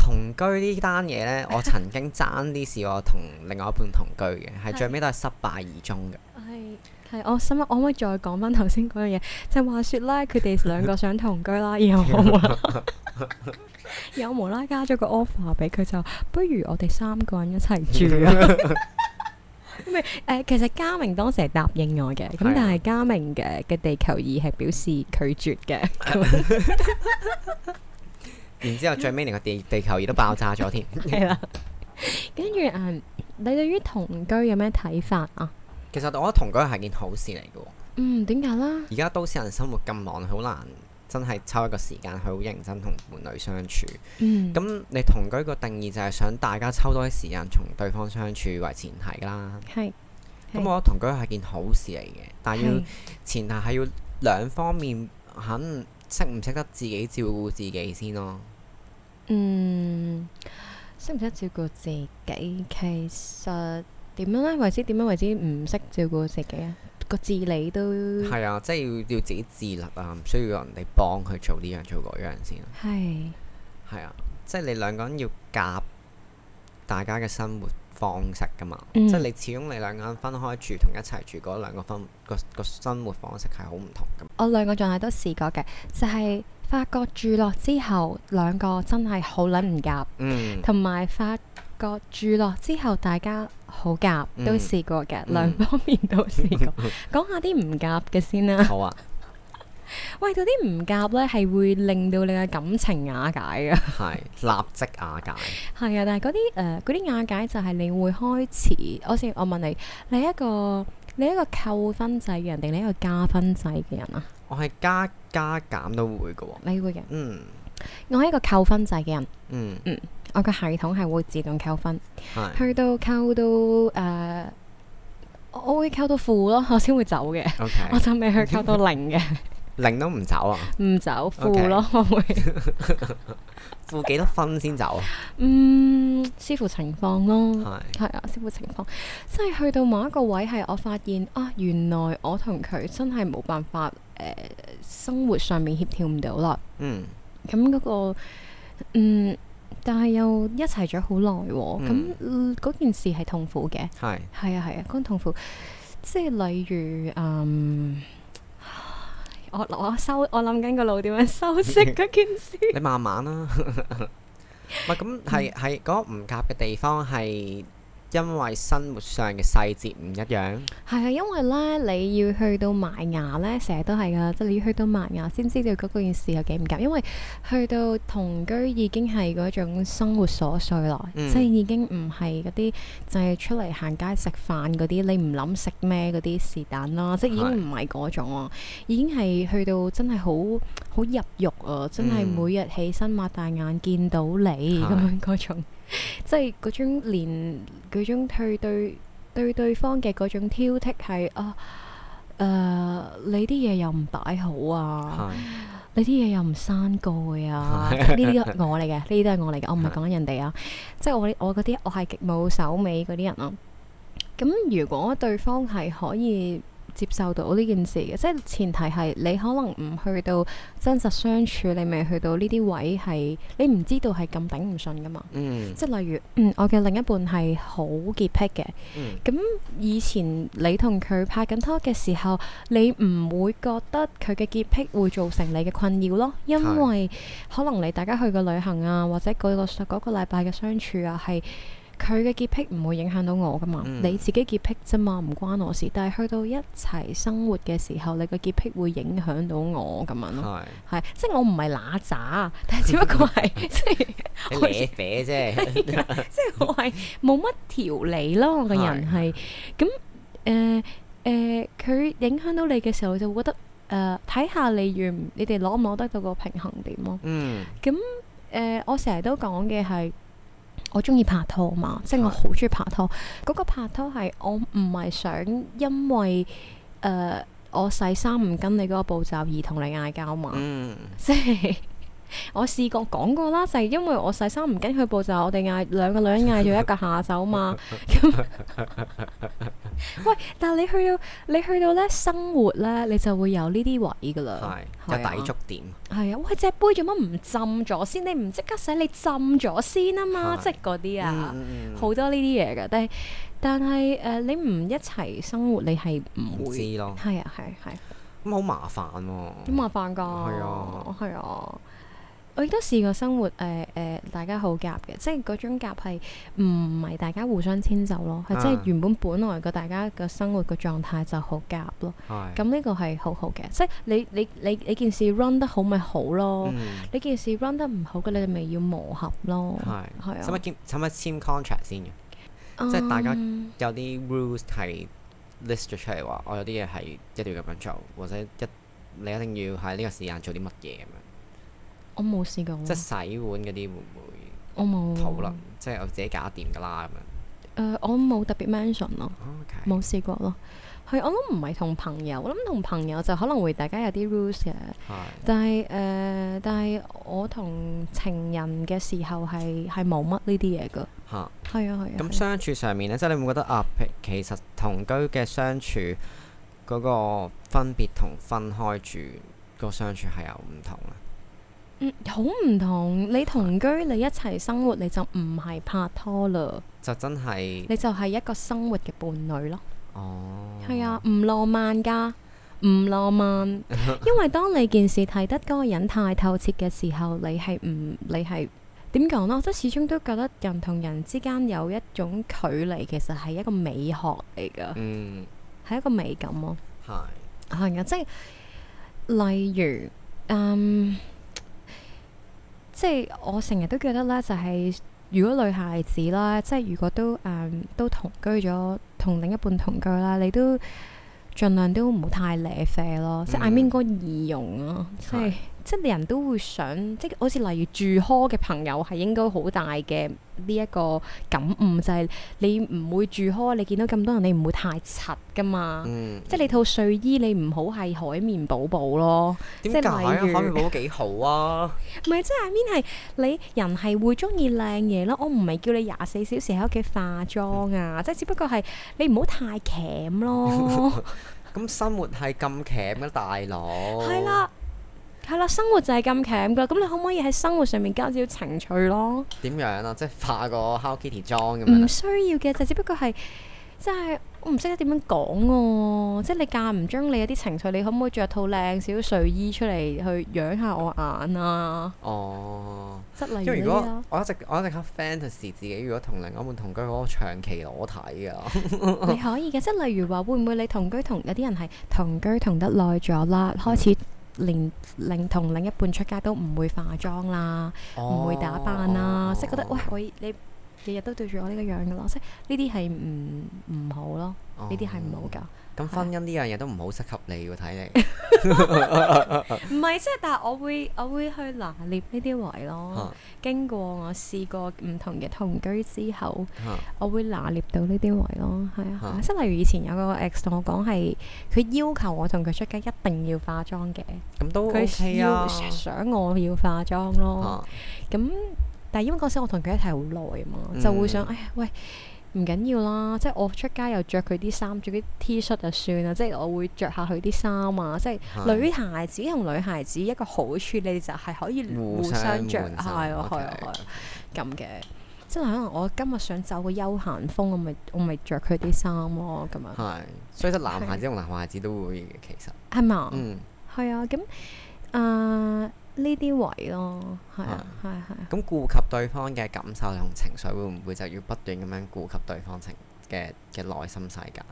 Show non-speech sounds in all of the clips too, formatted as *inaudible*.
同居呢單嘢呢，我曾經爭啲試過同另外一半同居嘅，係 *laughs* 最尾都係失敗而終嘅。係係，我想問我可唔可以再講翻頭先嗰樣嘢？就係、話説啦，佢哋兩個想同居啦，然 *laughs* 後我冇啦，又無啦加咗個 offer 俾佢，就不如我哋三個人一齊住啊！ *laughs* *laughs* 其實家明當時係答應我嘅，咁但係家明嘅嘅地球儀係表示拒絕嘅。 *laughs* *laughs* 然之後最尾連個地地球儀都爆炸咗添 *laughs* 、啊，係啦。跟住誒，你對於同居有咩睇法啊？其實我覺得同居係件好事嚟嘅。嗯，點解啦？而家都市人生活咁忙，好難真係抽一個時間去好認真同伴侶相處。嗯，咁你同居個定義就係想大家抽多啲時間同對方相處為前提啦。係。咁我覺得同居係件好事嚟嘅，但係要前提係要兩方面肯識唔識得自己照顧自己先咯。嗯，識唔識照顧自己？其實點樣咧？為之點樣為之唔識照顧自己啊？個自理都係啊，即係要要自己自立啊，唔需要人哋幫佢做呢樣做嗰樣先。係係是啊，即係你兩個人要夾大家嘅生活方式噶嘛。嗯、即係你始終你兩個人分開住同一齊住兩，嗰兩個分個個生活方式係好唔同噶嘛。我兩個仲係都試過嘅，就係、是。發覺住落之後，兩個真係好捻唔夾，同埋發覺住落之後大家好夾，嗯、都試過嘅，兩、嗯、方面都試過。講 *laughs* 下啲唔夾嘅先啦。好啊。喂，嗰啲唔夾咧，係會令到你嘅感情瓦解嘅。係，立即瓦解。係啊， *laughs* *laughs* 但係嗰啲誒，啲、呃、瓦解就係你會開始。好似我問你，你一個你一個扣分制嘅人，定你一個加分制嘅人啊？我係加加減都會嘅、哦，你會嘅，嗯，我係一個扣分制嘅人，嗯嗯，我個系統係會自動扣分，是的 去到扣到誒、啊，我會扣到負咯，我先會走嘅，okay 我就未去扣到零嘅， *laughs* 零都唔走啊，唔走 Okay 走負、啊嗯、咯，我會負幾多分先走啊？嗯，視乎情況咯，係係啊，視乎情況，即係去到某一個位係，我發現啊，原來我同佢真係冇辦法。生活上面協調唔到啦。嗯，咁嗰，那個，嗯，但係又一齊咗好耐，咁嗰，嗯呃、件事係痛苦嘅。係是，係啊，係啊，嗰，那個、痛苦，即係例如，嗯，我我收，我諗緊個路點樣收拾嗰件事。 *laughs* 你慢慢啦，啊。唔 *laughs* 咁，係係嗰唔夾嘅地方係。因為生活上嘅細節唔一樣，係啊，因為咧你要去到埋牙咧，成日都係噶，即係你要去到埋牙先知道嗰件事有幾唔夾。因為去到同居已經係嗰種生活瑣碎咯，即係已經唔係嗰啲就係出嚟行街食飯嗰啲，你唔諗食咩嗰啲是但啦，即係已經唔係嗰種啊，已經係去到真係好好入肉啊，嗯、真係每日起身擘大眼見到你咁樣嗰種。是的 *laughs* 即係嗰種連嗰種對對，對對對方嘅嗰種挑剔係啊，誒、呃，你啲嘢又唔擺好啊， *laughs* 你啲嘢又唔刪蓋啊。 *laughs* 」呢啲我嚟嘅，呢啲都係我嚟嘅，我唔係講緊人哋啊。 *laughs* 即係我我嗰啲，我係極冇手尾嗰啲人咯、啊。咁如果對方係可以。接受到呢件事嘅，即係前提係你可能唔去到真實相處，你未去到呢啲位，係你唔知道係咁頂唔順㗎嘛。嗯。即係例如，嗯，我嘅另一半係好潔癖嘅。咁、嗯、以前你同佢拍緊拖嘅時候，你唔會覺得佢嘅潔癖會造成你嘅困擾咯，因為可能你大家去過旅行啊，或者嗰個嗰個禮拜嘅相處啊，係。佢嘅潔癖唔會影響到我㗎嘛，嗯嗯你自己潔癖啫嘛，唔關我事。但係去到一齊生活嘅時候，你個潔癖會影響到我咁樣咯，係即係我唔係乸渣，但係只不過係即係，即係我係冇乜條理咯，我個人係咁誒誒，佢影響到你嘅時候，就覺得誒睇下你願，你哋攞唔攞得到個平衡點咯。嗯，咁誒，我成日都講嘅係。我中意拍拖嘛，即係我好中意拍拖。嗰的個拍拖係我唔係想因為誒、呃、我洗衫唔跟你嗰個步驟而同你嗌交嘛，即係、嗯。 *laughs* 我試過講過啦，就係因為我細心唔跟佢步驟，我哋嗌兩個女人嗌咗一個下手嘛。咁，喂！但係你去到你去到咧生活咧，你就會有呢啲位噶啦，嘅抵觸點？係啊，喂！隻杯做乜唔浸咗先？你唔即刻使你浸咗先啊嘛？即係嗰啲啊，好多呢啲嘢嘅。但係但係誒，你唔一齊生活，你係唔會咯？係啊，係係。咁好麻煩喎，好麻煩噶？係啊，係啊。我都試過生活，誒、呃、誒、呃，大家好夾嘅，即係嗰種夾係唔係大家互相遷就咯？係、啊、即係原本本來個大家嘅生活嘅狀態就好夾咯。係是。咁呢個係好好嘅，即係你你你你件事 run 得好咪好咯？嗯、你件事 run 得唔好嘅，你咪要磨合咯。係係是啊。使乜簽？乜簽 contract 先嘅？即係大家有啲 rules 係 list 咗出嚟話，我有啲嘢係一定要咁樣做，或者一你一定要喺呢個時間做啲乜嘢咁樣。我冇試過。即洗碗嗰啲會唔會？我冇討論，即係我自己搞掂噶啦咁樣。誒、呃，我冇特別 mention 咯，冇 Okay. 試過咯。係，我諗唔係同朋友，我諗同朋友就可能會大家有啲 rules 嘅。但係誒，但係我同情人嘅時候係係冇乜呢啲嘢噶。嚇！係哈啊，係啊。咁相處上面咧，即係你會唔會覺得啊，其實同居嘅相處嗰個分別同分開住個相處係有唔同啊？嗯，好唔同。你同居，你一齊生活，你就唔係拍拖啦。就真係。你就係一個生活嘅伴侶咯。哦。係啊，唔浪漫噶，唔浪漫。因為當你件事睇得嗰個人太透徹嘅時候，你係唔，你係點講咧？我都始終都覺得人同人之間有一種距離，其實係一個美學嚟噶。嗯。係一個美感咯。係。係啊，的 *laughs* 嗯、即係例如，嗯。即係我成日都覺得咧，就係、就係如果女孩子啦，即係如果都誒、嗯、都同居咗，同另一半同居啦，你都盡量都唔好太惹啡咯。嗯、即係我應該易容啊，即係。即係人都會想，即係好似例如住 hall 嘅朋友係應該好大嘅呢一個感悟，就係你唔會住 hall，你見到咁多人，你唔會太柒噶嘛。嗯、即係你套睡衣，你唔好係海綿寶寶咯。點解啊？如海綿寶幾好啊？唔係、就是，即係阿 m i 係 I mean, 你人係會中意靚嘢咯。我唔係叫你廿四小時喺屋企化妝啊。嗯、即係只不過係你唔好太働咯。咁 *laughs* 生活係咁働嘅大佬。係啦、 *laughs* *laughs* 啊。係啦，生活就係咁強㗎，咁你可唔可以喺生活上面加少少情趣咯？點樣啊？即係化個 Hello Kitty 妝咁樣？唔需要嘅，就只不過係即係我唔識得點樣講喎、啊。即係你間唔中，你有啲情趣，你可唔可以着套靚少睡衣出嚟去養下我眼啊？哦，即係如，如果我一直我一直靠 fantasy 自己，如果同另一半同居，我長期裸體㗎。 *laughs* 你可以嘅，即係例如話，會唔會你同居同有啲人係同居同得耐咗啦，開始、嗯？連另同另一半出街都唔會化妝啦，唔、oh. 會打扮啦，即係、oh. 覺得喂可以，你日日都對住我呢個樣噶咯，即係呢啲係唔唔好咯，呢啲係唔好噶。婚姻呢樣嘢都唔好適合你喎，睇你唔係即係，但係我會我會去拿捏呢啲位咯。啊、經過我試過唔同嘅同居之後，啊、我會拿捏到呢啲位咯。係、啊，即係例如以前有個 ex 同我講係，佢要求我同佢出街一定要化妝嘅。咁都 OK 啊！佢想我要化妝咯。咁、啊、但係因為嗰時我同佢一齊好耐啊嘛，嗯、就會想哎呀喂～唔緊要啦，即係我出街又着佢啲衫，着啲 T 恤就算啦。即係我會着下佢啲衫啊！是即係女孩子同女孩子一個好處，你哋就係可以互相著下，係，係咁嘅。即係可能我今日想走個休閒風，我咪我咪著佢啲衫咯咁啊。係，所以得男孩子同男孩子都會其實係嘛？嗎嗯，係啊，嗯。咁啊。呢啲位咯，係啊，係係、嗯。咁顧、啊啊嗯、及對方嘅感受同情緒，會唔會就要不斷咁樣顧及對方情嘅嘅內心世界？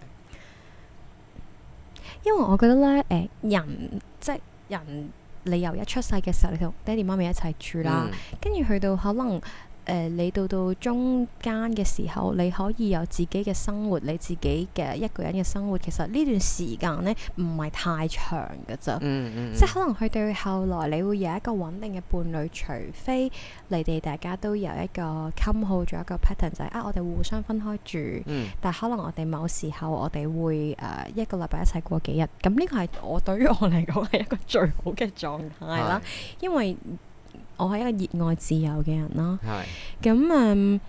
因為我覺得咧，誒、呃，人即係人，你由一出世嘅時候，你同爹哋媽咪一齊住啦，跟住、嗯、去到可能。誒、呃，你到到中間嘅時候，你可以有自己嘅生活，你自己嘅一個人嘅生活。其實呢段時間呢，唔係太長嘅咋，嗯嗯、即係可能佢對後來，你會有一個穩定嘅伴侶，除非你哋大家都有一個 combine 咗一個 pattern 就係啊，我哋互相分開住。嗯、但可能我哋某時候我，我哋會誒一個禮拜一齊過幾日。咁呢個係我對於我嚟講係一個最好嘅狀態啦，的因為。我係一個熱愛自由嘅人啦。係是。咁誒、嗯，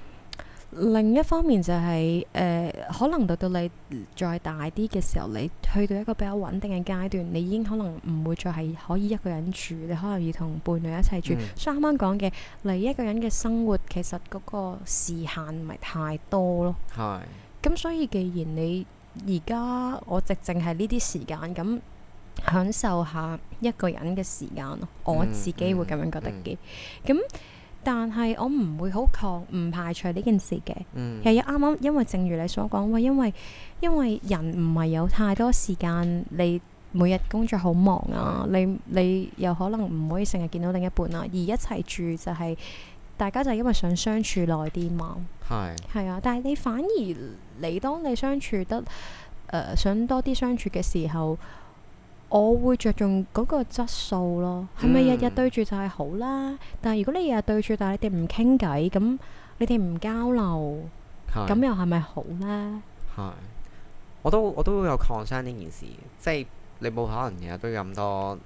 另一方面就係、是、誒、呃，可能到到你再大啲嘅時候，你去到一個比較穩定嘅階段，你已經可能唔會再係可以一個人住，你可能要同伴侶一齊住。嗯、所以啱啱講嘅，你一個人嘅生活其實嗰個時限唔係太多咯。係是。咁所以，既然你而家我直正係直淨係呢啲時間咁。享受一下一個人嘅時間咯，嗯、我自己會咁樣覺得嘅。咁、嗯嗯、但係我唔會好抗拒，唔排除呢件事嘅。又有啱啱，因為正如你所講，喂，因為因為人唔係有太多時間，你每日工作好忙啊，你你又可能唔可以成日見到另一半啊，而一齊住就係、是、大家就係因為想相處耐啲嘛。係係是啊，但係你反而你當你相處得誒、呃，想多啲相處嘅時候。我會着重嗰個質素咯，係咪日日對住就係好啦？嗯、但係如果你日日對住，但係你哋唔傾偈，咁你哋唔交流，咁係又係咪好呢？係，我都我都會有 concern 呢件事，即係你冇可能日日都有咁多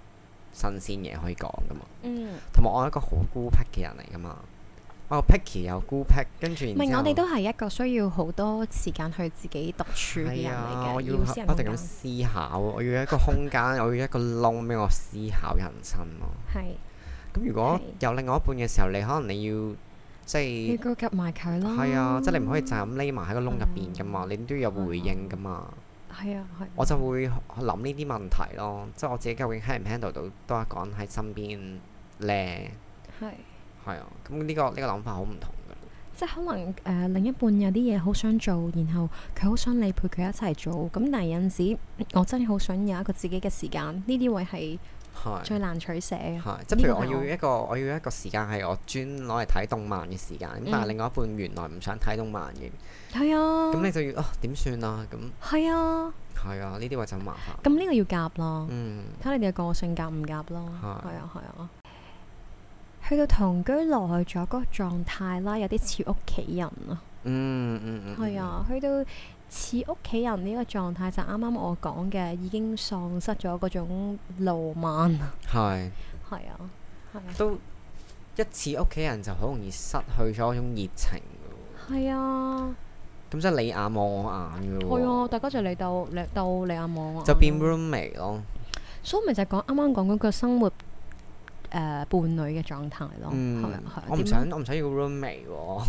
新鮮嘢可以講噶嘛。嗯，同埋我係一個好孤僻嘅人嚟噶嘛。哦，picky 又孤僻，跟住唔係我哋都係一個需要好多時間去自己獨處嘅人。我要不停咁思考，我要一個空間，我要一個窿俾我思考人生咯。係。咁如果有另外一半嘅時候，你可能你要即係要夾埋佢咯。係啊，即係你唔可以就咁匿埋喺個窿入邊噶嘛，你都要有回應噶嘛。係啊，係。我就會諗呢啲問題咯，即係我自己究竟 handle 唔 handle 到多講喺身邊咧？係。係啊，咁呢個呢個諗法好唔同噶。即係可能誒，另一半有啲嘢,好想做，然後佢好想你陪佢一齊做。咁但係有陣時，我真係好想有一個自己嘅時間。呢啲位係最難取捨啊。即譬如我要一個，我要一個時間係我專攞嚟睇動漫嘅時間。咁但係另外一半原來唔想睇動漫嘅。係啊。咁你就要啊？點算啊？咁。係啊。係啊，呢啲位就麻煩。咁呢個要夾咯，嗯，睇你哋個性夾唔夾咯。係。係啊，係啊。去到同居落去咗，嗰個狀態啦，有啲似屋企人啊、嗯。嗯嗯嗯。係啊，去到似屋企人呢個狀態，就啱啱我講嘅，已經喪失咗嗰種浪漫啊。係。係啊。都一似屋企人就好容易失去咗嗰種熱情嘅，係啊。咁即係你眼望我眼嘅喎。係啊，大家就嚟到你到你眼望我眼。就變 roommate 咯。所以咪就係講啱啱講嗰個生活。誒，伴侶嘅狀態咯，我唔想，我唔想要 roommate，我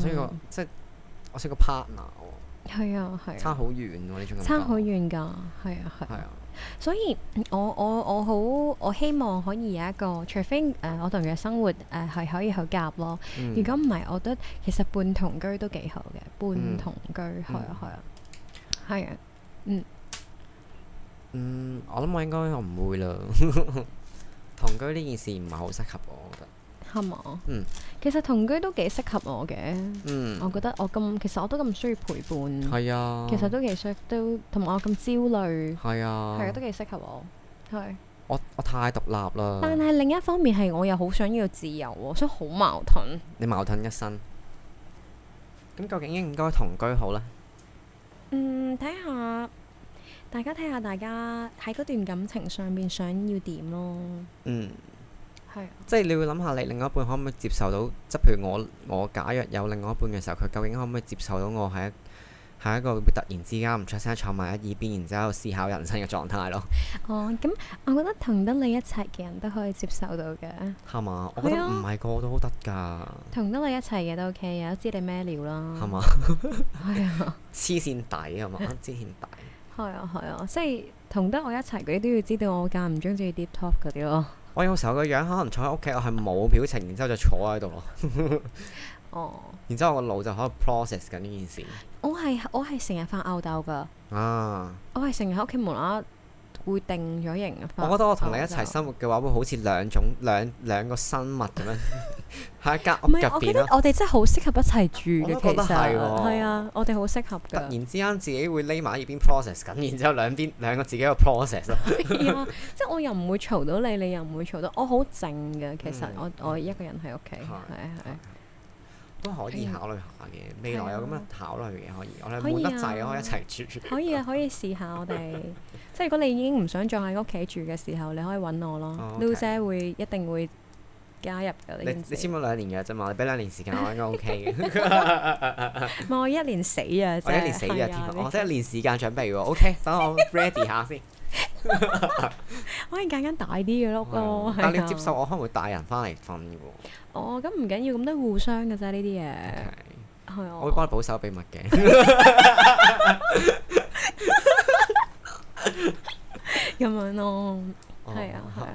想個即係我想個 partner，係啊係，差好遠喎，你仲差好遠噶，係啊係，係啊，所以我我我好我希望可以有一個，除非誒我同佢嘅生活誒係可以去夾咯，如果唔係，我覺得其實半同居都幾好嘅，半同居係啊係啊，係啊，嗯，嗯，我諗我應該我唔會啦。同居呢件事唔係好適合我嗎，我覺得係嘛，嗯，其實同居都幾適合我嘅，嗯，我覺得我咁，其實我都咁需要陪伴，係是啊，其實都幾需都，同埋我咁焦慮，係是啊，係啊，都幾適合我，係，我我太獨立啦，但係另一方面係我又好想要自由，所以好矛盾，你矛盾一生，咁究竟應唔應該同居好呢？嗯，睇下。大家睇下，大家喺嗰段感情上面想要點咯？嗯，係，即係你會諗下，你另外一半可唔可以接受到？即係譬如我，我假若有另外一半嘅時候，佢究竟可唔可以接受到我係一係一個突然之間唔出聲坐埋一邊，然之後思考人生嘅狀態咯？哦，咁我覺得同得你一齊嘅人都可以接受到嘅，係嘛？我覺得唔係個個都得噶、啊，同得你一齊嘅都 OK，有又知你咩料啦，係嘛？係啊，黐線底係嘛？黐線底。 *laughs* 係啊，係啊，即係同得我一齊嗰啲都要知道我間唔中意 deep talk 嗰啲咯。我有時候個樣可能坐喺屋企，我係冇表情，然之後就坐喺度咯。哦。然之後我個腦就可能 process 緊呢件事。我係我係成日發吽豆噶。啊。我係成日喺屋企無啦啦。會定咗型啊！我覺得我同你一齊生活嘅話，會好似兩種兩兩個生物咁樣喺間屋入邊咯。我哋真係好適合一齊住嘅，其實係啊，我哋好適合。突然之間自己會匿埋一邊 process 緊，然之後兩邊兩個自己個 process。即係我又唔會嘈到你，你又唔會嘈到我。好靜嘅，其實我我一個人喺屋企，係係。都可以考慮下嘅，未來有咁嘅考慮嘅可以，我哋冇限制可以一齊住住。可以啊，可以試下我哋。即係如果你已經唔想再喺屋企住嘅時候，你可以揾我咯。Lu 姐會一定會加入嘅。你簽咗兩年嘅啫嘛，你俾兩年時間我應該 OK 嘅。我一年死啊！一年死啊添！我即係一年時間準備喎。OK，等我 ready 下先。可以揀間大啲嘅咯，但你接受我可能會帶人翻嚟瞓噶？哦，咁唔緊要，咁都互相噶咋呢啲嘢，係啊，我會幫你保守秘密嘅，咁樣咯，係啊係啊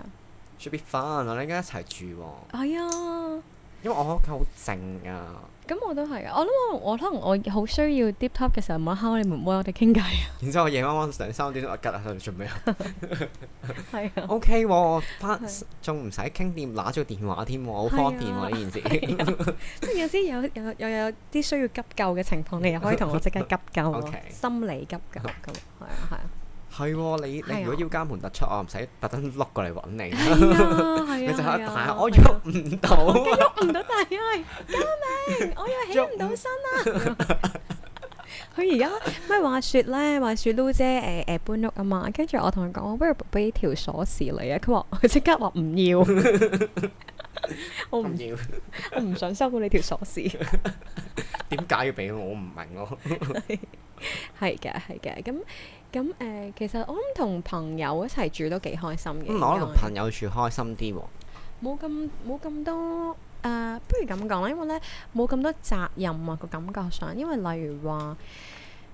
，should be fun，我哋應該一齊住，係啊，因為我屋企好靜啊。咁我都係，我諗我可能我好需要 deep talk 嘅時候冇敲你門，冇我哋傾偈。啊。然之後我夜晚晚成三點都我吉啊，喺度做咩啊？係啊。O K，仲唔使傾電話，拿住電話添，好方便喎。呢件事，即係有啲有有又有啲需要急救嘅情況，你又可以同我即刻急救 *laughs* Okay 心理急救咁，係啊係啊。係喎，你你如果要家門突出，我唔使特登碌過嚟搵你。係啊，係啊，係啊。我喐唔到，我喐唔到，但係救命我又起唔到身啦。佢而家咩話説咧？話説 Lu 姐誒誒搬屋啊嘛，跟住我同佢講，我不如俾條鎖匙你啊。佢話佢即刻話唔要，我唔要，我唔想收佢你條鎖匙。點解要俾我？唔明咯。係嘅，係嘅，咁。咁誒、呃，其實我諗同朋友一齊住都幾開心嘅。咁我同朋友住開心啲喎，冇咁冇咁多誒、呃，不如咁講啦，因為咧冇咁多責任啊個感覺上，因為例如話。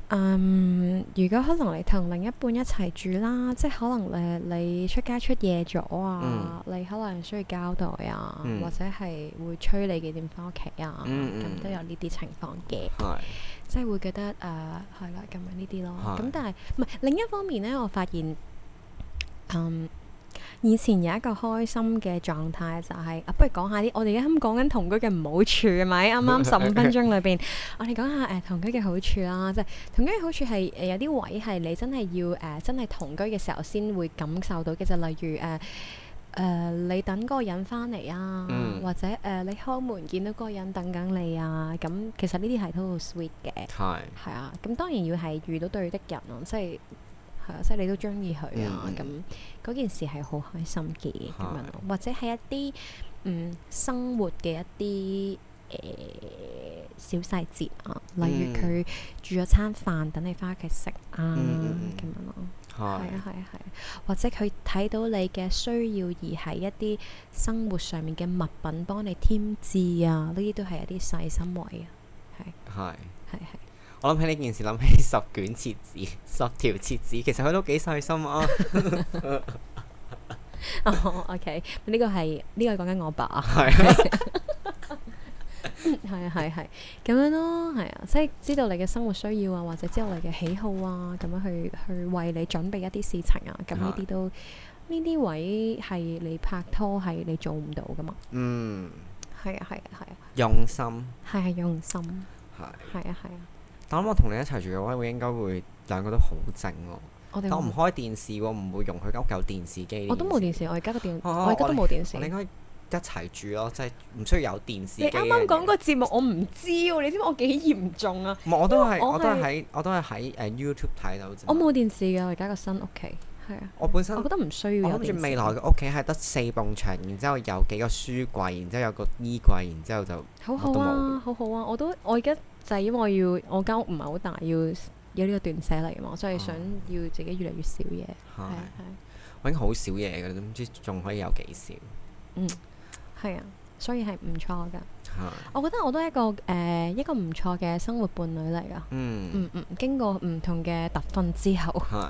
嗯，um, 如果可能你同另一半一齊住啦，即係可能誒，你出街出夜咗啊，嗯、你可能需要交代啊，嗯、或者係會催你幾點翻屋企啊，咁、嗯嗯、都有呢啲情況嘅，是即係會覺得誒，係、呃、啦，咁樣呢啲咯，咁是、嗯、但係唔係另一方面咧，我發現，嗯。以前有一個開心嘅狀態就係、是、啊，不如講下啲。我哋而家啱講緊同居嘅唔好處係咪？啱啱十五分鐘裏邊， *laughs* 我哋講下誒、呃、同居嘅好處啦。即、就、係、是、同居嘅好處係誒、呃、有啲位係你真係要誒、呃、真係同居嘅時候先會感受到嘅。就例如誒誒、呃呃、你等嗰個人返嚟啊，嗯、或者誒、呃、你開門見到嗰個人等緊你啊。咁其實呢啲係都好 sweet 嘅，係係 Time. 啊。咁當然要係遇到對的人咯，即係。係啊，即係你都中意佢啊，咁嗰件事係好開心嘅咁樣咯、啊的，或者係一啲嗯生活嘅一啲誒小細節啊，例如佢煮咗餐飯等你翻屋企食啊咁樣咯，係啊係啊係，或者佢睇到你嘅需要而係一啲生活上面嘅物品幫你添置啊，呢啲都係一啲細心位啊，係係係係。的我諗起呢件事，諗起十卷廁紙，十條廁紙，其實佢都幾細心啊。哦，OK，呢個係呢個講緊我爸啊。係啊，係啊，係係咁樣咯，係啊，即係知道你嘅生活需要啊，或者知道你嘅喜好啊，咁樣去去為你準備一啲事情啊。咁呢啲都呢啲位係你拍拖係你做唔到噶嘛？嗯，係啊，係啊，係啊，用心，係啊，用心，係，係啊，係啊。咁我同你一齊住嘅話，我應該會應該會兩個都好靜咯。我唔們開電視，唔會容許間屋有電視機。我都冇電視，我而家個電好好我而家都冇電視。你應該一齊住咯，即係唔需要有電視。你啱啱講個節目，我唔知、啊，你知唔知我幾嚴重啊？我都係是，我都係喺，我都係喺誒 YouTube 睇到我。我冇電視嘅，我而家個新屋企係啊。我本身我覺得唔需要有電視。我住未來嘅屋企係得四埲牆，然之後有幾個書櫃，然之後有個衣櫃，然之後，後就好好啊，好好啊，我都我而家。就係因為我要我間屋唔係好大，要有呢個斷捨離嘛，所以想要自己越嚟越少嘢，係係，我已經好少嘢嘅都唔知仲可以有幾少？嗯，係啊，所以係唔錯㗎。我覺得我都係一個誒一個唔錯嘅生活伴侶嚟㗎！嗯嗯嗯，經過唔同嘅特訓之後，係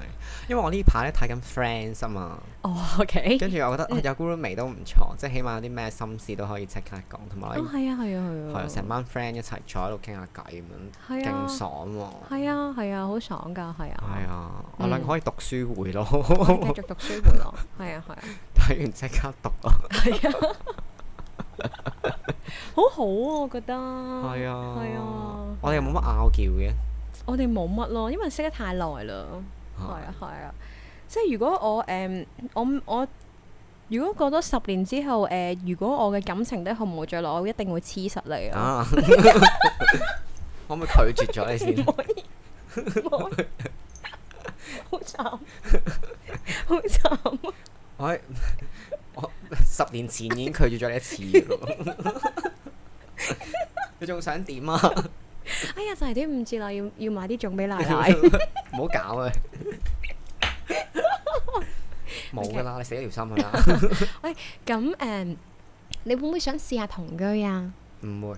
因為我呢排咧睇緊 Friends 啊嘛。哦，OK。跟住我覺得有 grouping 都唔錯，即係起碼有啲咩心事都可以即刻講，同埋哦係啊係啊係啊，成班 friend 一齊坐喺度傾下偈咁樣，勁爽喎！係啊係啊，好爽噶係啊！係啊，我兩個可以讀書會咯，繼續讀書會咯，係啊係啊，睇完即刻讀咯。係啊。好好啊！我覺得係啊，係啊，我哋冇乜拗撬嘅，我哋冇乜咯，因為識得太耐啦，係啊，係啊，即係如果我誒，我我如果過咗十年之後，誒，如果我嘅感情都唔會再落，我一定會黐實你啊！可唔可以拒絕咗你先？可以，好慘，好慘，係。十年前已經拒絕咗你一次咯，你仲想點啊？哎呀，就係點唔知啦，要要買啲種俾奶奶，唔好搞啊！冇噶啦，你死一條心㗎啦。喂，咁誒，你會唔會想試下同居啊？唔會。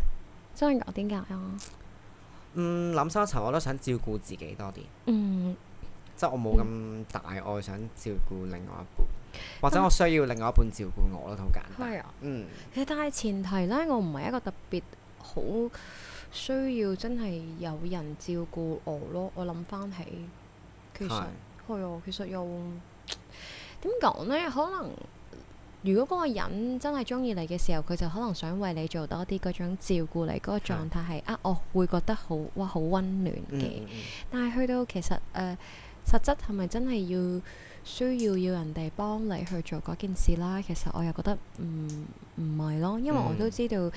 所以我點解啊？嗯，諗深一層，我都想照顧自己多啲。嗯，即係我冇咁大愛，想照顧另外一半。或者我需要另外一半照顧我咯，好簡單。係啊，嗯。其實但係前提咧，我唔係一個特別好需要真係有人照顧我咯。我諗翻起，其實係啊，啊，其實又點講咧？可能如果嗰個人真係中意你嘅時候，佢就可能想為你做多啲嗰種照顧你嗰個狀態，係啊，我會覺得好哇，好溫暖嘅。嗯嗯嗯，但係去到其實誒、呃，實質係咪真係要？需要要人哋幫你去做嗰件事啦，其實我又覺得唔唔係咯，因為我都知道，誒、嗯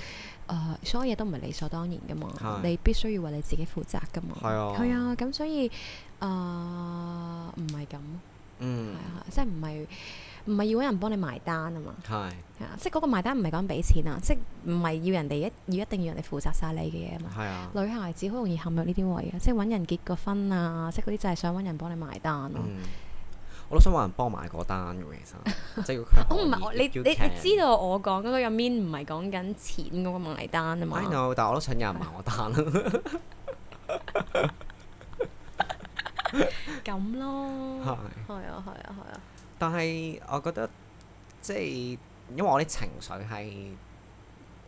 呃，所有嘢都唔係理所當然嘅嘛，係，你必須要為你自己負責嘅嘛，係是啊，啊，係啊，咁所以誒，唔係咁，嗯，係啊，即係唔係唔係要揾人幫你埋單啊嘛，係，係啊，即係嗰個埋單唔係講俾錢啊，即係唔係要人哋一要一定要人哋負責晒你嘅嘢啊嘛，係是啊，女孩子好容易陷入呢啲位啊，即係揾人結個婚啊，即係嗰啲就係想揾人幫你埋單咯。嗯嗯我都想揾人幫買嗰單咁，其實即係佢。我唔係你你，you can, 你知道我講嗰個入面唔係講緊錢嗰個問題啊嘛。但係我都想有人埋我單咯。咁咯是，係啊，係啊，係啊。但係我覺得，即係因為我啲情緒係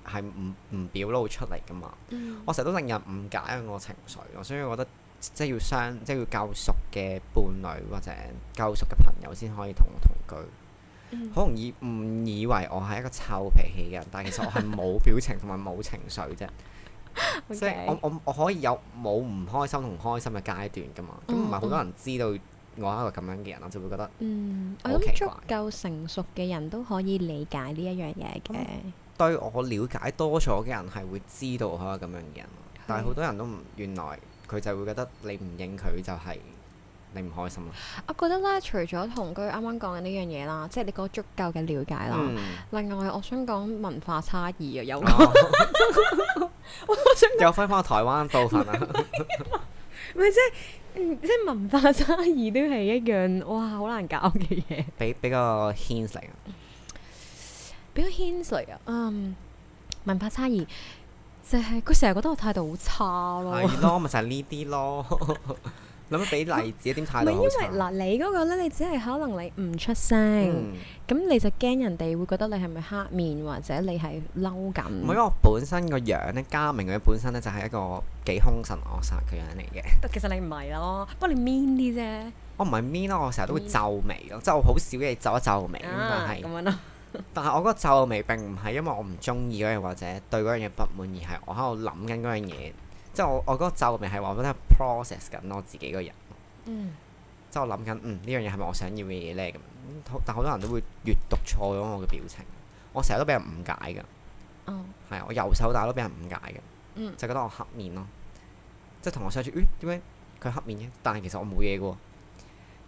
係唔唔表露出嚟噶嘛。嗯、我成日都令人誤解我情緒，所以我覺得。即係要相，即係要夠熟嘅伴侶或者夠熟嘅朋友先可以同我同居。好、嗯、容易誤以為我係一個臭脾氣嘅人，但係其實我係冇表情同埋冇情緒啫。 *laughs* Okay 即係我我我可以有冇唔開心同開心嘅階段㗎嘛？咁唔係好多人知道我係一個咁樣嘅人，啊，我就會覺得嗯，我諗足夠成熟嘅人都可以理解呢一樣嘢嘅。對我了解多咗嘅人係會知道我係咁樣嘅人，但係好多人都唔原來。佢就會覺得你唔應佢就係你唔開心啦。我覺得咧，除咗同佢啱啱講緊呢樣嘢啦，即係你個足夠嘅了解啦。嗯、另外，我想講文化差異啊，有個，哦、 *laughs* *laughs* 我想說 又分翻台灣部分啊 *laughs* 。咪即係即係文化差異都係一樣哇，好難搞嘅嘢。比個比較牽涉啊，比較牽涉啊，嗯，文化差異。就係佢成日覺得我態度好差 *laughs* 咯，係、就是、咯，咪就係呢啲咯。諗起俾例子一點 *laughs* 態度好因為嗱，你嗰個咧，你只係可能你唔出聲，咁、嗯、你就驚人哋會覺得你係咪黑面或者你係嬲緊。唔係因為我本身個樣咧，家明佢本身咧就係一個幾兇神惡煞嘅樣嚟嘅。其實你唔係咯，不過 *laughs* 你 mean 啲啫。我唔係 mean 咯，我成日都會皺眉咯，mean? 即係我好少嘢皺一皺眉咁就係。但但係我嗰皺眉並唔係因為我唔中意嗰樣或者對嗰樣嘢不滿，而係我喺度諗緊嗰樣嘢，即係我我嗰皺眉係話我真係 process 緊我自己個人，嗯、即係我諗緊嗯呢樣嘢係咪我想要嘅嘢咧咁，但好多人都會閱讀錯咗我嘅表情，我成日都俾人誤解噶，哦，係啊，我右手打都俾人誤解嘅，嗯、就覺得我黑面咯，即係同我相處，咦、欸，點解佢黑面嘅？但係其實我冇嘢噶，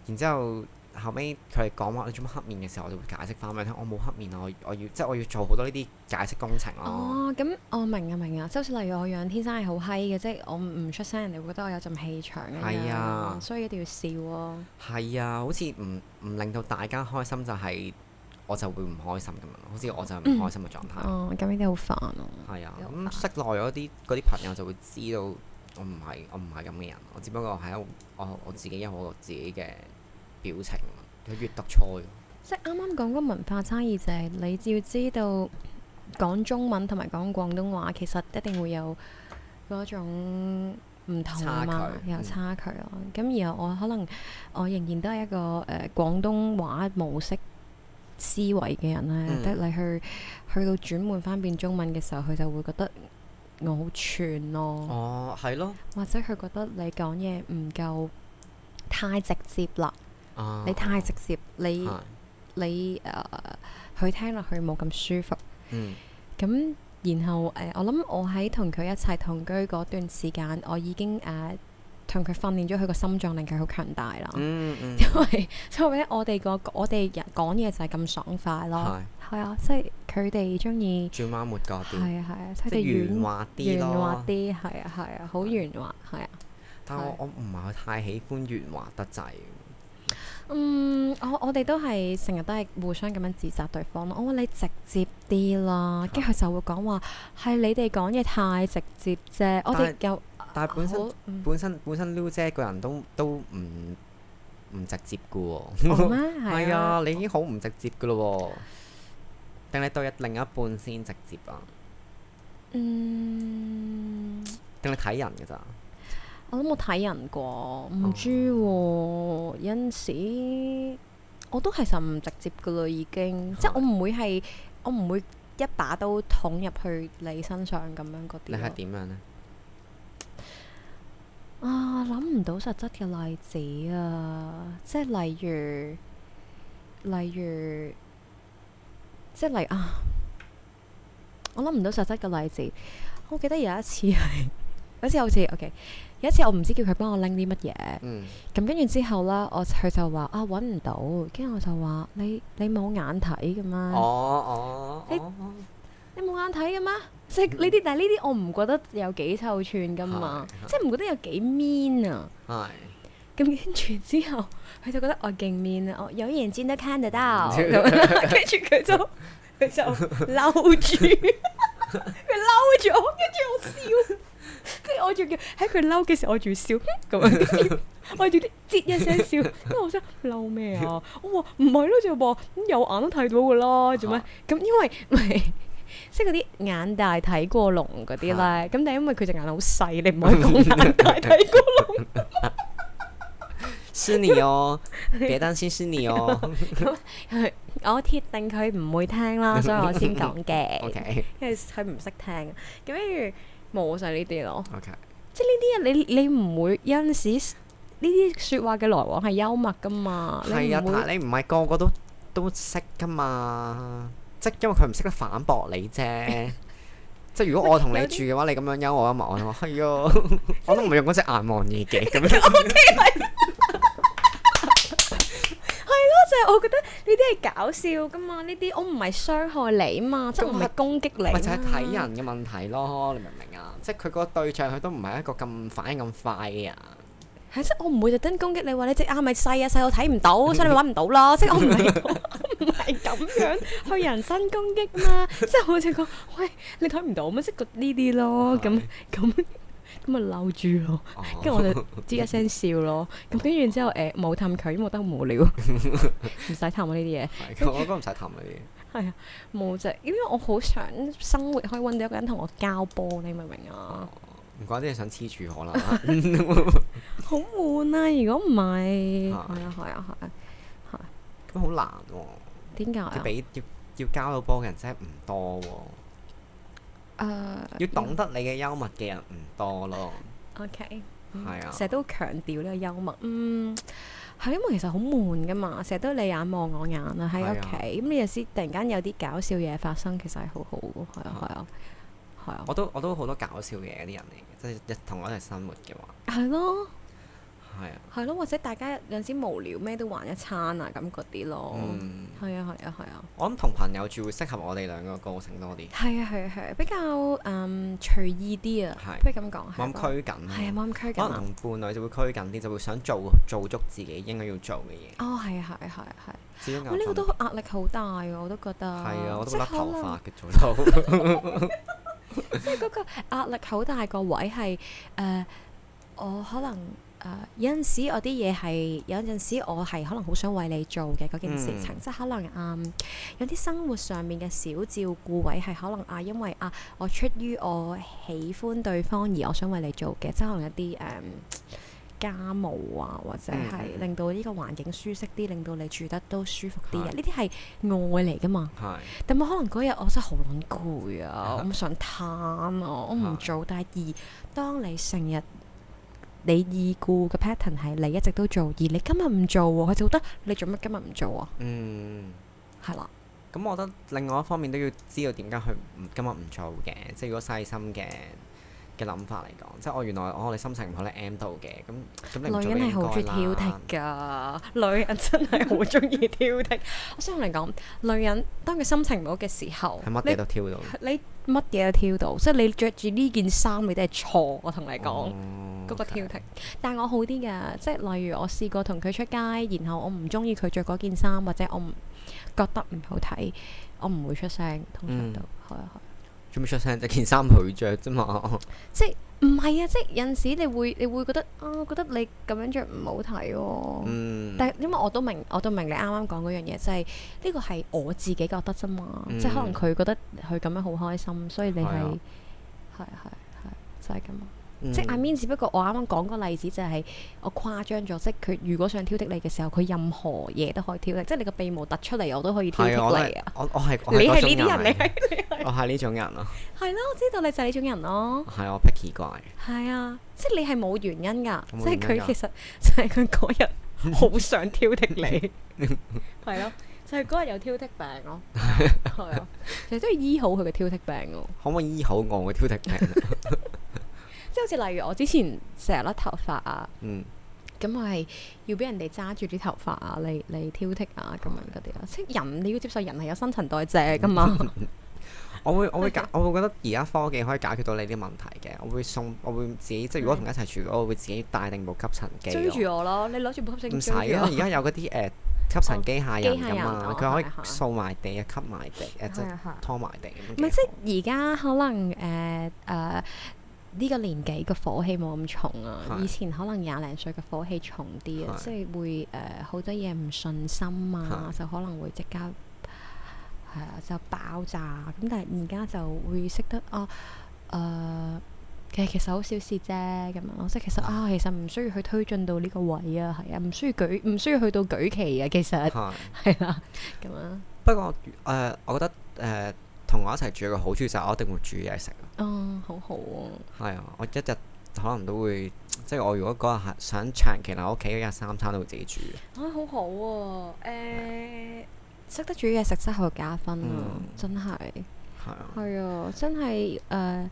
然之後。後尾佢哋講話你做乜黑面嘅時候，我就會解釋翻俾你聽。我冇黑面啊，我要我要即係我要做好多呢啲解釋工程咯哦。哦，咁我明啊明啊。即係、啊、例如我樣天生係好閪嘅，即係我唔出聲，人哋會覺得我有陣氣場嘅。係啊，所以一定要笑喎。係啊，好似唔唔令到大家開心就係我就會唔開心咁樣。嗯、好似我就係唔開心嘅狀態。嗯、哦，咁呢啲好煩啊。係啊，咁識耐啲嗰啲朋友就會知道我唔係我唔係咁嘅人。我只不過係我我，我自己有我自己嘅表情，佢閲讀錯，即係啱啱講個文化差異，就是，就係你只要知道講中文同埋講廣東話，其實一定會有嗰種唔同啊嘛，差距有差距咯，啊。咁然後我可能我仍然都係一個誒廣、呃、東話模式思維嘅人咧，得、嗯、你去去到轉換翻變中文嘅時候，佢就會覺得我好串咯。哦、啊，係咯。或者佢覺得你講嘢唔夠太直接啦。啊、你太直接，你的你誒，佢、呃、聽落去冇咁舒服。咁、嗯、然後誒、呃，我諗我喺同佢一齊同居嗰段時間，我已經誒同佢訓練咗佢個心臟，令佢好強大啦。嗯嗯、因為所以我哋個我哋人講嘢就係咁爽快咯。係的。啊，即係佢哋中意，轉彎抹角啲。係啊係啊，即係圓滑啲圓滑啲係啊係啊，好圓滑係啊。但係我的但我唔係太喜歡圓滑得滯。嗯，我我哋都係成日都係互相咁樣指責對方咯。我話你直接啲啦，跟住佢就會講話，係你哋講嘢太直接啫。我哋又，但係本身、啊、本身，嗯、本身本身 Lu 姐個人都都唔唔直接㗎喎。係啊，啊你已經好唔直接噶啦，啊，定你對日另一半先直接啊？嗯，定你睇人㗎咋？我都冇睇人過，唔知有陣時我都其實唔直接噶啦，已經、嗯、即係我唔會係我唔會一把刀捅入去你身上咁樣嗰啲。你係點樣呢？啊，諗唔到實質嘅例子啊！即係例如，例如，即係例啊！我諗唔到實質嘅例子。我記得有一次係，有一次好似 OK。一次我唔知叫佢幫我拎啲乜嘢，咁跟住之後啦，我佢就話啊搵唔到，跟住我就話你你冇眼睇噶嘛，哦你哦，你冇眼睇噶嘛？即係呢啲，但係呢啲我唔覺得有幾臭串噶嘛，嗯、即係唔覺得有幾 mean 啊。係、嗯，咁跟住之後，佢就覺得我勁 mean 啊，我有眼見得看得到，跟住佢就佢 *laughs* 就嬲住，佢嬲住我，跟住 *laughs* *laughs* 我笑。跟住我住叫喺佢嬲嘅時候我住笑咁，我住啲吱一聲笑。因為我想嬲咩啊？哇，唔係咯，做噃有眼都睇到噶啦，做咩？咁、啊、因為咪即係嗰啲眼大睇過龍嗰啲啦。咁、啊、但係因為佢隻眼好細，你唔可以講眼大睇過龍。 *laughs* *laughs* 是你哦，別擔心，Sunny 哦。 *laughs* 嗯嗯嗯、我鐵定佢唔會聽啦，所以我先講嘅。 *laughs* Okay. 因為佢唔識聽，咁例如。冇晒呢啲咯，Okay. 即係呢啲人，你你唔會有陣時呢啲説話嘅來往係幽默噶嘛？係啊，但你唔係個個都都識噶嘛？即係因為佢唔識得反駁你啫。 *laughs* 即係如果我同你住嘅話，你咁樣幽我一默， *laughs* 我係啊， *laughs* *laughs* *laughs* 我都唔係用嗰隻眼望你嘅咁樣。即係 *music* 我覺得呢啲係搞笑噶嘛，呢啲我唔係傷害你嘛，即係我唔係攻擊你。咪就係睇人嘅問題咯，你明唔明啊？即係佢個對象，佢都唔係一個咁反應咁快啊。人，即係我唔會特登攻擊你話你隻眼咪細啊，細我睇唔到，所以你咪搵唔到咯。 *laughs* *laughs* 即係我唔係唔係咁樣去人身攻擊嘛。即係好似講，喂，你睇唔到咩？即呢啲咯，咁咁，嗯。咁咪嬲住咯，跟住我就吱一聲笑咯。咁跟住之後，誒冇氹佢，因為覺得好無聊，唔使氹我呢啲嘢。我嗰唔使氹呢啲。係啊，冇啫，因為我好想生活可以搵到一個人同我交波，你明唔明啊？唔怪之你想黐住我啦，好悶啊！如果唔係，係啊係啊係，咁好難喎。點解啊？要要交到波嘅人真係唔多喎。誒，uh, 要懂得你嘅幽默嘅人唔多咯。OK，係啊，成日都強調呢個幽默。嗯，係因為其實好悶㗎嘛，成日都你眼望我眼啊，喺屋企咁，你有時突然間有啲搞笑嘢發生，其實係好好嘅。係啊，係啊，係啊。我都我都好多搞笑嘢啲人嚟嘅，即係同我一齊生活嘅話。係咯。係啊，係咯，或者大家有陣時無聊咩都玩一餐啊，咁嗰啲咯。嗯，係啊，係啊，係啊。我諗同朋友住會適合我哋兩個個性多啲。係啊，係啊，係，比較嗯隨意啲啊。係，不如咁講，冇咁拘謹。係啊，冇咁拘謹。可能同伴侶就會拘謹啲，就會想做做足自己應該要做嘅嘢。哦，係啊，係啊，係啊，係。呢個都壓力好大啊，我都覺得。係啊，我都甩頭髮嘅做到。即係嗰個壓力好大個位係誒，我可能。Uh, 有陣時我啲嘢係有陣時我係可能好想為你做嘅嗰件事情，嗯、即係可能啊、嗯，有啲生活上面嘅小照顧位係可能啊，因為啊，我出於我喜歡對方而我想為你做嘅，即係可能一啲誒、嗯、家務啊，或者係令到呢個環境舒適啲，令到你住得都舒服啲啊，呢啲係愛嚟噶嘛。係，但冇可能嗰日我真係好攰啊，我唔想嘆啊，我唔做。是的 但係而當你成日。你已故嘅 pattern 係你一直都做，而你今日唔做，佢就覺得你做乜今日唔做啊？嗯，係啦。咁我覺得另外一方面都要知道點解佢唔今日唔做嘅，即係如果細心嘅。嘅諗法嚟講，即係我原來我我哋心情唔可能 M 到嘅，咁咁女人係好中意挑剔㗎，女人真係好中意挑剔。我想同你講，女人當佢心情唔好嘅時候，係乜嘢都挑到。你乜嘢都挑到，即係你着住呢件衫，你都係錯。我同你講嗰、oh, okay. 個挑剔，但係我好啲㗎，即係例如我試過同佢出街，然後我唔中意佢着嗰件衫，或者我唔覺得唔好睇，我唔會出聲，通常都開、嗯 *laughs* 出出聲？就件衫佢着啫嘛，即係唔係啊？即係有陣時你會，你會覺得啊，我覺得你咁樣着唔好睇哦。嗯，但係因為我都明，我都明你啱啱講嗰樣嘢，即係呢個係我自己覺得啫嘛。即係、嗯、可能佢覺得佢咁樣好開心，所以你係係係係就係咁即阿 Min，只不過我啱啱講個例子就係我誇張咗，即係佢如果想挑剔你嘅時候，佢任何嘢都可以挑剔，即係你個鼻毛突出嚟，我都可以挑剔你啊！我我係你係呢啲人嚟，我係呢種人咯，係咯，我知道你就係呢種人咯，係我 picky 怪，係啊，即係你係冇原因噶，即係佢其實就係佢嗰日好想挑剔你，係咯，就係嗰日有挑剔病咯，係啊，其實都要醫好佢嘅挑剔病咯，可唔可以醫好我嘅挑剔病？好似例如我之前成日甩頭髮啊，嗯，咁我係要俾人哋揸住啲頭髮啊嚟嚟挑剔啊咁樣嗰啲啊，即人你要接受人係有新陳代謝噶嘛。我會我會我會覺得而家科技可以解決到你啲問題嘅。我會送我會自己即如果同一齊住，我會自己帶定部吸塵機。追住我咯，你攞住部吸塵機。唔使咯，而家有嗰啲誒吸塵機械人噶嘛，佢可以掃埋地、吸埋地、拖埋地。唔係，即而家可能誒誒。呢個年紀個火氣冇咁重啊，是以前可能廿零歲嘅火氣重啲啊，是即係會誒好、呃、多嘢唔順心啊，是就可能會即刻係啊、呃，就爆炸咁。但係而家就會識得啊，誒、呃，其實其實好小事啫，咁啊是，即係其實啊，其實唔需要去推進到呢個位啊，係啊，唔需要舉，唔需要去到舉旗啊，其實係啦，咁是啊。樣不過誒、呃，我覺得誒。呃同我一齊住嘅好處就係我一定會煮嘢食。嗯、哦，好好啊！係啊，我一日可能都會，即係我如果嗰日想長期留喺屋企，一日三餐都會自己煮。啊、哎，好好啊！誒、呃，識得煮嘢食真係加分啊，真係。係啊，係啊，真係誒，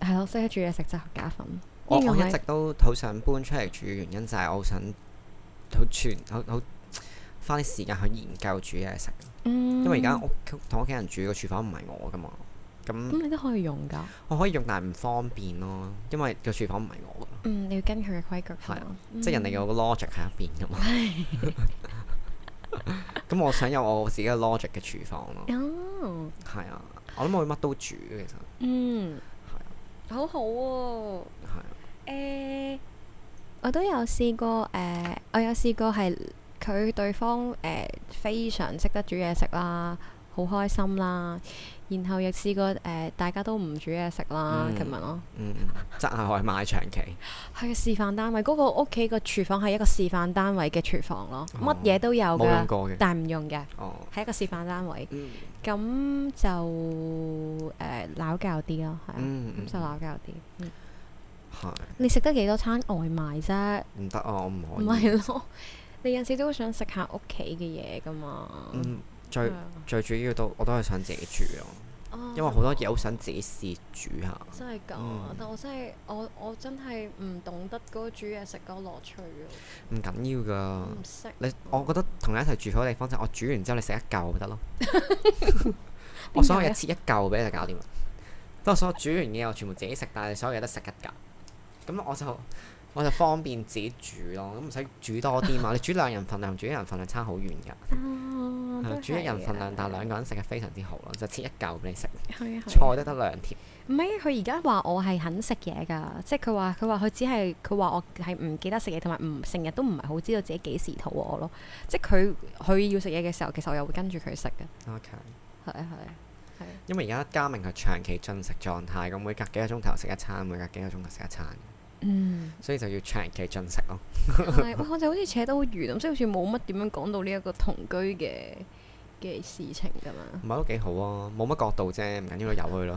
係咯，識得煮嘢食就加分。呃、加分因為我我一直都好想搬出嚟住嘅原因就係我好想好全好好。花啲時間去研究煮嘢食，因為而家屋同屋企人煮個廚房唔係我噶嘛，咁你都可以用噶，我可以用但係唔方便咯，因為個廚房唔係我噶。嗯，你要跟佢嘅規矩。係啊，即係人哋有個 logic 喺入邊噶嘛。咁我想有我自己嘅 logic 嘅廚房咯。哦。係啊，我諗我會乜都煮其實。嗯。係啊，好好喎。係啊。誒，我都有試過誒，我有試過係。佢對方誒、呃、非常識得煮嘢食啦，好開心啦，然後亦試過誒、呃、大家都唔煮嘢食啦咁樣、嗯、咯。嗯嗯，即係可以買長期係示範單位，嗰、那個屋企個廚房係一個示範單位嘅廚房咯，乜嘢、哦、都有嘅，但係唔用嘅。哦，係一個示範單位。嗯，咁就誒鬧交啲咯，係啊，就鬧交啲。嗯，嗯是你食得幾多餐外賣啫？唔得啊！我唔可以唔係咯。 *laughs* 你有時都會想食下屋企嘅嘢噶嘛？嗯，最嗯最主要都我都係想自己煮囉，因為好多嘢好想自己試煮下。真係咁、嗯、但我真係我我真係唔懂得嗰煮嘢食嗰樂趣啊！唔緊要噶，唔識你，我覺得同你一齊住好地方就我煮完之後你食一嚿就得咯。 *laughs* 麼 *laughs* 我所有嘢切一嚿俾你就搞掂啦。不過，所有煮完嘢我全部自己食，但係所有嘢都食一嚿。咁我就～我就方便自己煮咯，咁唔使煮多啲嘛。你煮兩人份量，煮一人份量差好遠噶。係煮一人份量，但係兩個人食係非常之好咯。就切一嚿俾你食， *laughs* 菜、 *laughs* 就是、他他都得兩條。唔係佢而家話我係肯食嘢噶，即係佢話佢話佢只係佢話我係唔記得食嘢，同埋唔成日都唔係好知道自己幾時肚餓咯。即係佢佢要食嘢嘅時候，其實我又會跟住佢食嘅。OK，係啊係啊係。因為而家家明係長期進食狀態，咁每隔幾個鐘頭食一餐，每隔幾個鐘頭食一餐。嗯，所以就要長期進食咯是。唔 *laughs* 我就好似扯得好遠啊，所以好似冇乜點樣講到呢一個同居嘅嘅事情咁啊。唔係都幾好啊，冇乜角度啫，唔緊要啦，由佢咯。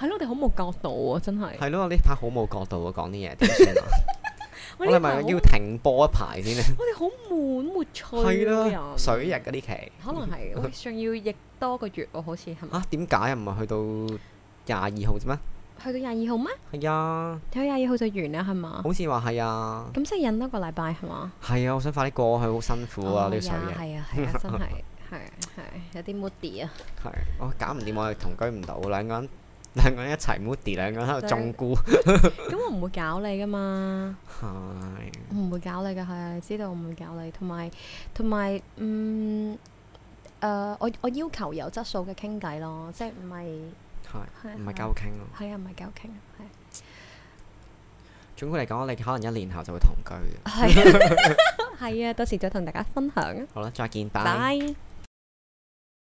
係咯，我哋好冇角度啊，真係。係咯，呢排好冇角度啊，講啲嘢點算啊？我哋們咪說 要停播一排先呢啊！我哋好悶沒趣啊！係咯，水逆嗰啲期。 *laughs* 可能係，我哋仲要逆多個月喎，啊，好似係。嚇？點解又唔係去到廿二號啫咩？去到廿二號咩？係啊，去到廿二號就完啦，係嘛？好似話係啊。咁即係忍多個禮拜係嘛？係啊，我想快啲過去，好辛苦啊，啲水嘢。係啊，係啊，真係係係有啲 moody 啊。係，我搞唔掂，我哋同居唔到，兩個人兩個人一齊 moody，兩個人喺度中蠱。咁我唔會搞你㗎嘛。係。唔會搞你㗎，係知道我唔會搞你。同埋同埋，嗯，誒，我我要求有質素嘅傾偈咯，即係唔係。係，唔係夠傾咯。係 *noise* 啊樂，唔係夠傾係，總括嚟講，我哋可能一年後就會同居嘅。係是啊，到時再同大家分享。好啦，再見，拜 Bye。